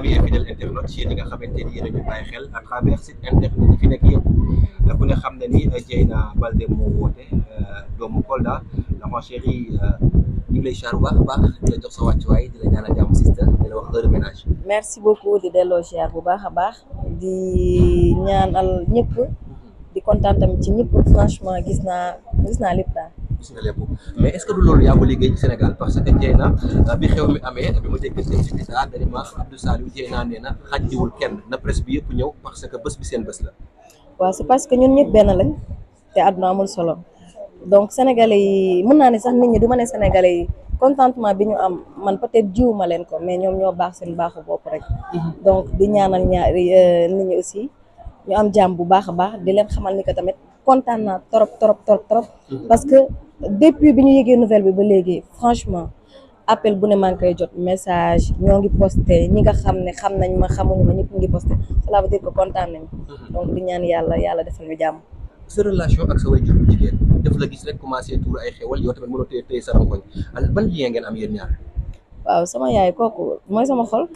amis et fidèles internautes yéen ñi nga xamante ni yéen a ñu bàyyi xel à travers site internet yi fi nekk yëpp ku ne xam ne ni euh, Dieyna Baldé moo woote euh, doomu Kolda l'enfant chéri euh, ñu ngi lay char bu baax a baax di jox sa wàccuwaay di la ñaanal jàmm sister di la wax heure ménage. merci beaucoup di delloo char bu baax a baax di ñaanal ñëpp di kontaan tamit ci ñëpp franchement gis naa gis gis nga lépp mais est-ce que du loolu yaa ko liggéey Sénégal parce que Dieyna euh, bi xew mi amee bi ma déggante ci état dañu ma na xàjjiwul amul solo donc sénégalais yi mën naa ne sax nit ñi du ma ne sénégalais yi. contentement bi ñu am man peut jiwuma leen ko mais ñoom ñoo baax seen baaxu bopp rek mhm. donc di ñaanal ñaar euh, nit ñi aussi ñu am jàmm bu baax a baax di leen xamal ni que tamit kontaan naa trop trop trop trop mhm. parce que depuis bi ñu yëgee nouvelle bi ba léegi franchement appel bu ne maa ngi jot message ñoo ngi posté ñi nga xam ne xam nañ ma xamuñu ma ñëpp ngi posté cela veut dire que kontaan nañ mhm. donc di ñaan yàlla yàlla defal ñu jàmm. sa relation ak sa waajur bu jigéen def la gis rek commencé tuur ay xéwal yow tamit mënoo téye téye sa am yéen ñaar. waaw sama yaay kooku mooy sama xol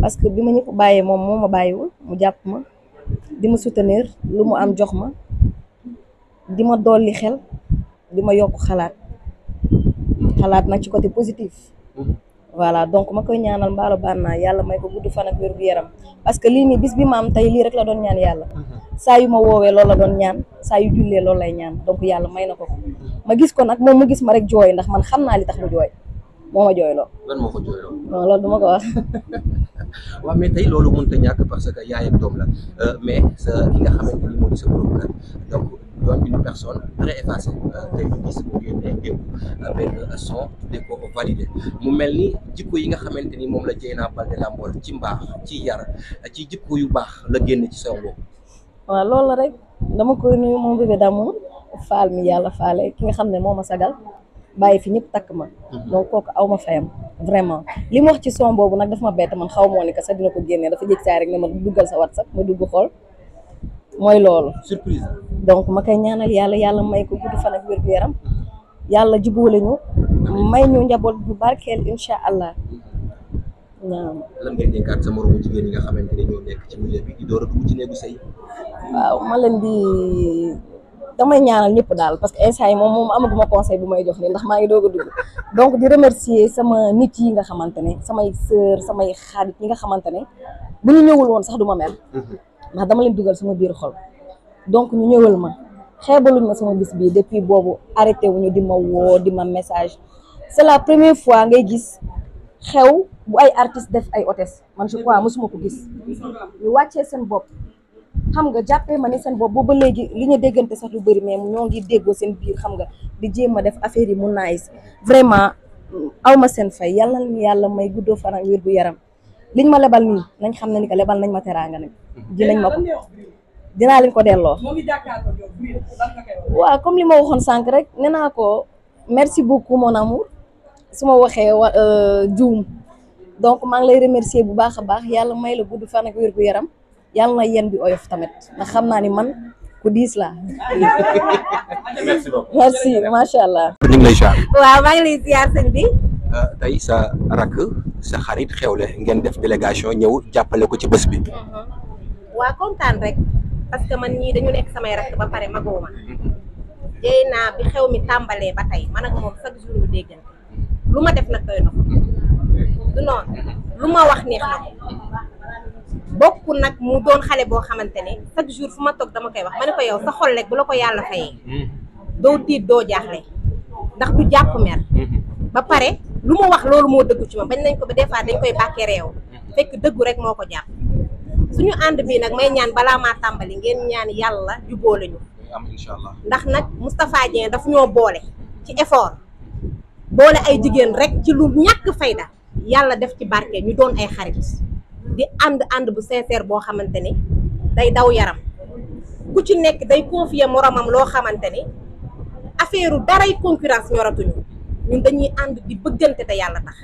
parce que bi ma ñëpp bàyyee moom moo ma bàyyiwul mu jàpp ma di ma soutenir lu mu am jox ma di ma dolli xel. di ma yokk xalaat xalaat nag ci côté positif mm-hmm. voilà donc ma koy ñaanal mbaalo bànnaa yàlla may ko gudd fan ak wér gu yaram parce que lii nii bis bi ma am tey lii rek la doon ñaan yàlla mm-hmm. saa yu ma woowee loolu la doon ñaan saa yu jullee loolu lay ñaan donc yàlla may na ko mm-hmm. ma gis ko nag moom ma gis ma rek jooy ndax man xam naa li tax mu jooy moo ma jooy lool. lan moo ko jooy lool. non loolu du ma ko wax. waaw tey loolu mënut a ñàkk parce que yaay doom donc une personne très effacée euh, tey gis mu génnee euh, démb benn son tuddee ko validé mu mel ni jikko yi nga xamante ni moom la Dieyna Baldé làmbool ci mbaax ci yar ci jikko yu baax la génn ci son boobu. waaw loolu la rek dama koy nuyu moom bébé Damou faal mi yàlla faale ki nga xam ne moo ma sagal bàyyi fi ñëpp takk ma. Mhm. donc kooku aw ma fayam vraiment li mu wax ci son boobu nag daf ma bett man xaw moo ni que sax dina ko génnee dafa jég saa rek ne ma duggal sa WhatsApp ma dugg xool. mooy loolu surprise donc ma koy ñaanal yàlla yàlla may ko gudd fan ak wér gu yaram yàlla jubóole ñu may ñu njaboot bu barkeel incha allah waaw. lan sa moromu jigéen ñi nga xamante bi di door a dugg ma leen di damay ñaanal ñëpp daal parce que instant yi moom moom amaguma conseil bu may jox ni ndax maa ngi doog a dugg donc di remercier sama nit yi nga xamante ne samay sœur samay xarit yi nga xamante ne bu ñu ñëwul woon sax du ma mel. Mhm. ndax dama leen dugal sama biir xol donc ñu ñëwal ma xeebaluñ ma sama bis bii depuis boobu arrêté wuñu di ma woo di ma message c'est la première fois ngay gis xew bu ay artistes def ay hôtesse man je crois mosuma ko gis ñu wàccee seen bopp xam nga jàppee ma ni seen bopp boobu ba léegi li ñu déggante sax lu bëri mais ñoo ngi déggoo seen biir xam nga di jéem a def affaire yi mu nice vraiment aw ma seen fay yàlla na yàlla may guddoo fan ak wér gu yaram liñ ma lebal nii nañ xam ne ni que lebal nañ ma teraanga nag ji nañ ma ko dinaa leen ko delloo waaw comme li ma waxoon sànq rek nee naa ko merci beaucoup mon amour su ma waxee wa euh, juum donc maa ngi lay remercier bu baax a baax yàlla may la gudd fa ak wér gu yaram yàlla na yéen bi oyof tamit ndax xam naa ni man ku diis la merci beaucoup merci macha allah. ñu bi. Euh, tey sa rakk. sa xarit xew xewle ngeen def délégation ñëw jàppale ko ci bés bi. Mhm. waa kontaan rek parce que man ñii dañu nekk samay rakk ba pare magoo ma mhm. jëy naa bi xew mi tàmbalee ba tey man ak moom chaque jour lu ma def na ko noonu lu ma wax neex na bokk nag mu doon xale boo xamante ne chaque jour fu ma toog dama koy wax ma ne ko yow sa xol rek bu la ko yàlla fayee mhm. doo tiit doo jaaxle ndax du jàpp mer ba pare. lu mu wax loolu moo dëgg ci moom bañ nañ ko ba des fois dañ koy bàkkee réew mm-hmm. fekk dëggu rek moo ko jàpp suñu ànd bi nag may ñaan balaa maa tàmbali ngeen ñaan yàlla yu lañu am ndax nag Moustapha Dieng daf ñoo boole ci effort boole ay jigéen rek ci lu ñàkk fayda yàlla def ci barke ñu doon ay xarit di ànd ànd bu sincère boo xamante ni day daw yaram ku ci nekk day confier moromam loo xamante ni affaire daray concurrence ñoratuñu ñun dañuy ànd di bëggante te yàlla tax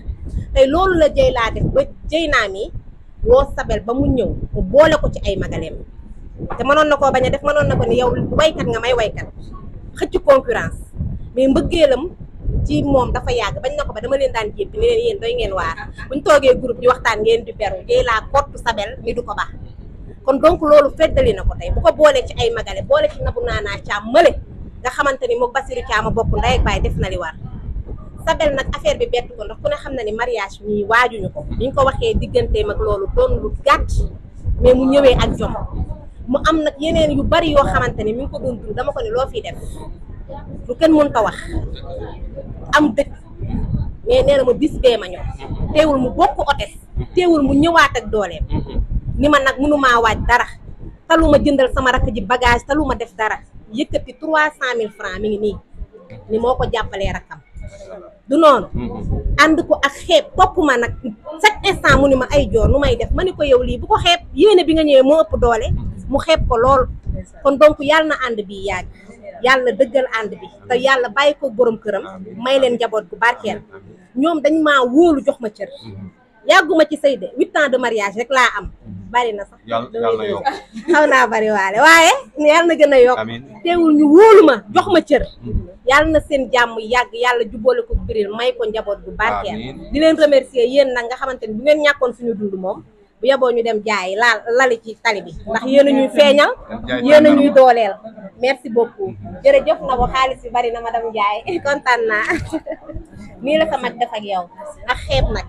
tey loolu la jëy laa def ba jëy naa mi woo sabel ba mu ñëw mu boole ko ci ay magaleem te mënoon na koo bañ def mënoon na ko ni yow nga may waykat xëcc concurrence mais mbëggeelam ci moom dafa yàgg bañ na ko ba dama leen daan jéppi ni leen yéen doy ngeen waar buñ toogee groupe di waxtaan ngeen di beru jëy laa kottu sabel mi du ko baax kon donc loolu feddali na ko tey bu ko boolee ci ay magale boole ci nabu naanaa caam mële nga xamante ni moom Basiru Caam a bokk ndey ak baay def na li war Sabel nag affaire bi bett ko ndax ku ne xam na ni mariage mi waajuñu ko biñ ko waxee digganteem ak loolu doon lu gàtt mais mu ñëwee ak jom mu am nag yeneen yu bari yoo xamante ni mi ngi ko doon dund dama ko ne loo fiy def lu kenn mën ko wax am dëkk mais nee na ma bis ma ñor teewul mu bokk otes mu ñëwaat ak dooleem ma nag mënumaa waaj dara talu ma jëndal sama rakk ji bagage talu ma def dara yëkkati trois cent mille francs mi ngi nii ni moo ko jàppalee rakkam du noonu mm-hmm. ànd ko ak xeeb topp ma nag chaque instant mu ni ma ay joor nu may def ma ni ko yow lii bu ko xeeb yéene bi nga ñëwee moo ëpp doole mm-hmm. mu xeeb ko lool kon donc yàlla na ànd bi yàgg yàlla dëggal ànd bi te yàlla bàyyi ko borom këram may leen njaboot gu barkeel ñoom dañ maa wóolu jox ma cër mm-hmm. yàgguma ci sëy de huit ans de mariage rek laa am bari na sax. yàlla xaw naa bari waale waaye yàlla na gën a yokk teewul ñu wóolu ma jox ma cër mm-hmm. yàlla na seen jàmm yàgg yàlla jubboole ko biril may ko njaboot bu barkeel di leen remercier yéen nag nga xamante ni bu ngeen ñàkkoon suñu dund moom bu yeboo ñu dem jaay laal lali ci tali bi ndax yéen a ñuy feeñal yéen a ñuy dooleel merci beaucoup mm-hmm. jërëjëf na ko xaalis bi bari na ma dem kontaan naa nii la sa mag def ak yow ak xeeb nag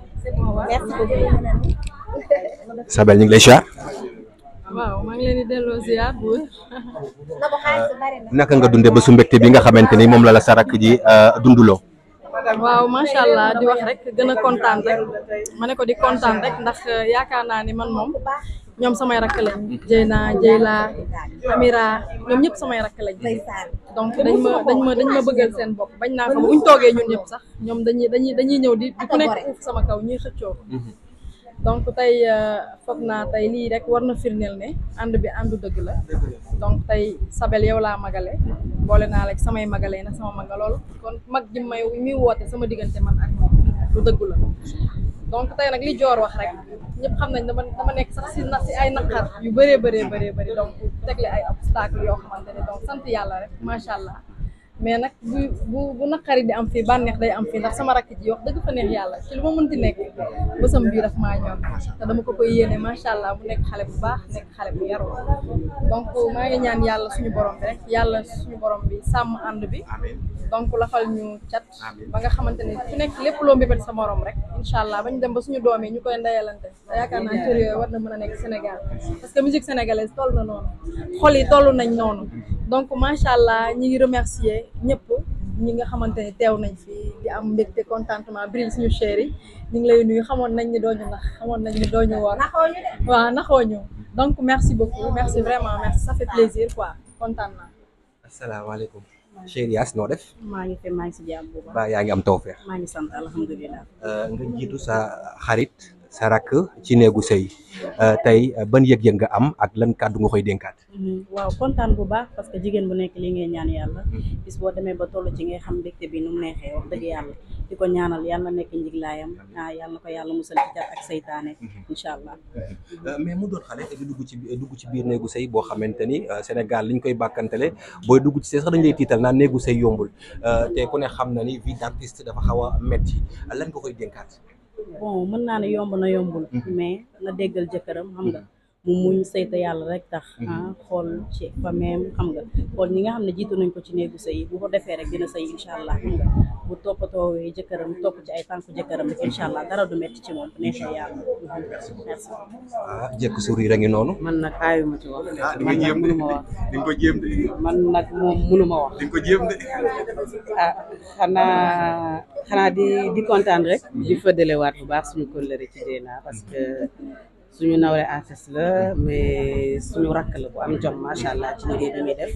merci beaucoup Sabel ñu ngi lay ziar. waaw maa ngi naka nga dundee ba su mbégte bi nga xamante ni moom la la sa rakk ji euh, dunduloo. waaw macha allah di wax rek gën a kontaan rek ma ne ko di kontaan rek ndax euh, yaakaar naa ni man moom ñoom samay rakk lañ Jeyna Jeyla Amira ñoom ñëpp samay rakk lañ donc dañ ma dañ ma dañ bëggal seen bopp bañ naa ko bu ñu toogee ñun ñëpp sax ñoom dañuy dañuy dañuy ñëw di ku nekk sama kaw ñuy xëccoo mhm. donc tey euh, foog naa tey lii rek war na firndeel ne ànd bi àndu dëgg la donc tey Sabel yow laa magale boole naa rek samay magale na sama maga lool kon mag ji may muy woote sama diggante man ak moom lu dëgg la donc tey nag li joor wax rek ñëpp xam nañ dama dama nekk sax si na si ay naqar yu bëree bëree bëree bëri donc tegle ay obstacle yoo xamante ne sant yàlla rek macha allah. mais nag bu bu bu naqari di am fii bànneex day am fii ndax sama rakkit ji wax dëgg fa neex yàlla ci lu ma mënti nekk bésam bii daf maa ñor te ko koy yéene allah mu nekk xale bu baax xale bu yaru donc maa ngi ñaan yàlla suñu borom bi rek yàlla suñu borom bi sàmm ànd bi donc lafal ñu cat ba nga xamante ne ku nekk lépp loo mbébét sa morom rek incha allah ba ñu dem ba suñu doom yi ñu koy ndeyalante te yaakaar naa kër war na mën a nekk Sénégal parce que musique sénégalaise toll na noonu xol yi toll nañ noonu donc macha allah ñi ngi remercier ñëpp ñi nga xamante ne teew nañ fi di am mbégte contentement bril suñu chéri yi ñu ngi lay nuyu xamoon nañ ni dooñu ndax xamoon nañ ni dooñu war waaw naxoo ñu donc merci beaucoup merci vraiment merci ça fait plaisir quoi kontaan naa. asalaamaaleykum. chéri Yaas noo def. maa ngi fi maa ngi si jàmm bu baax. yaa ngi am tawfeex. maa ngi sant alhamdulilah. Euh, nga jiitu sa xarit. sa rakk ci néegu sëy euh, tey euh, ban yëg-yëg nga am ak lan kàddu nga koy dénkaat. Mm-hmm. waaw kontaan bu baax parce jigéen bu nekk li ngay ñaan yàlla. Mm-hmm. bis boo demee ba toll ci ngay xam mbégte bi nu mu neexee wax dëgg yàlla di ko ñaanal yàlla nekk njiglaayam ah mm-hmm. allah. Euh, mais mu doon xale di dugg ci ci biir néegu sëy boo xamante ni Sénégal liñ koy bàkkantele boo dugg ci sëy sax dañ lay tiital naan néegu sëy yombul te ku ne xam na ni vie dafa xaw a metti lan nga koy dénkaat. bon mën naa ne yomb na yombul mhm. Mhm. mais na déggal jëkkëram xam nga mu muñ sayta yàlla rek tax mhm. ah, xool ci fa même xam nga xool ni nga xam ne jiitu nañ ko ci néegu sëy bu ko defee rek dina sëy incha allah xam bu toppatoo jëkkëram topp ci ay tànku jëkkëram rek incha allah dara du metti ci moom bu neexee yàlla. merci merci. ah rek noonu. man nag aayuma ci wax. ah di ko jéem de. man nag moom mënuma wax. ko jéem de. ah xanaa di kontaan rek. di fëddalewaat bu baax suñu kóllëre ci Dieyna parce que. suñu nawle artiste la mais suñu rakk la bu am jom macha allah ci liggéey bi def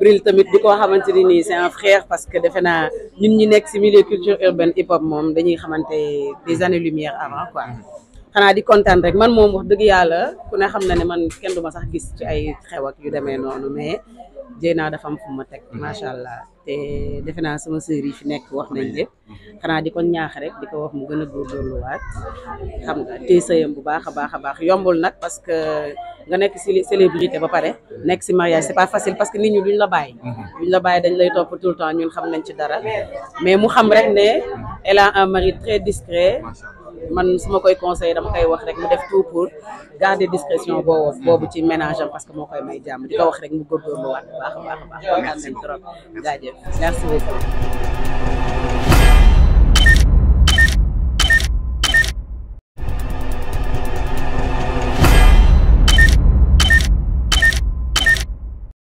Bril tamit di ko xamante ni nii c'est un frère parce que defe naa ñun ñi nekk si milieu culture urbaine hip hop moom dañuy xamante des années lumière avant quoi. xanaa di kontaan rek man moom wax dëgg yàlla ku ne xam na ne man kenn du ma sax gis ci ay xew ak yu demee noonu mais Dieyna naa am fu ma teg mhm. macha allah te defe naa sama sœur yi fi nekk wax nañ lépp mhm. xanaa di ko ñaax rek di ko wax mu gën a góorgóorluwaat xam nga tey sëyam bu baax a baax a baax yombul nag parce que nga nekk si célébrité ba pare nekk si mariage c'est pas parce que nit ñi duñ la bàyyi mhm. duñ la bàyyi dañ lay topp tout le ñun xam nañ ci dara mais mu xam rek ne elle a un mari très discret man suma koy conseillé dama koy wax rek mu def tout pour garder discrétion boobu boobu ci ménage parce que moo koy may jàmm di ko wax rek mu góorgóorluwaat bu baax a baax a baax kontaan nañ trop jaajëf merci beaucoup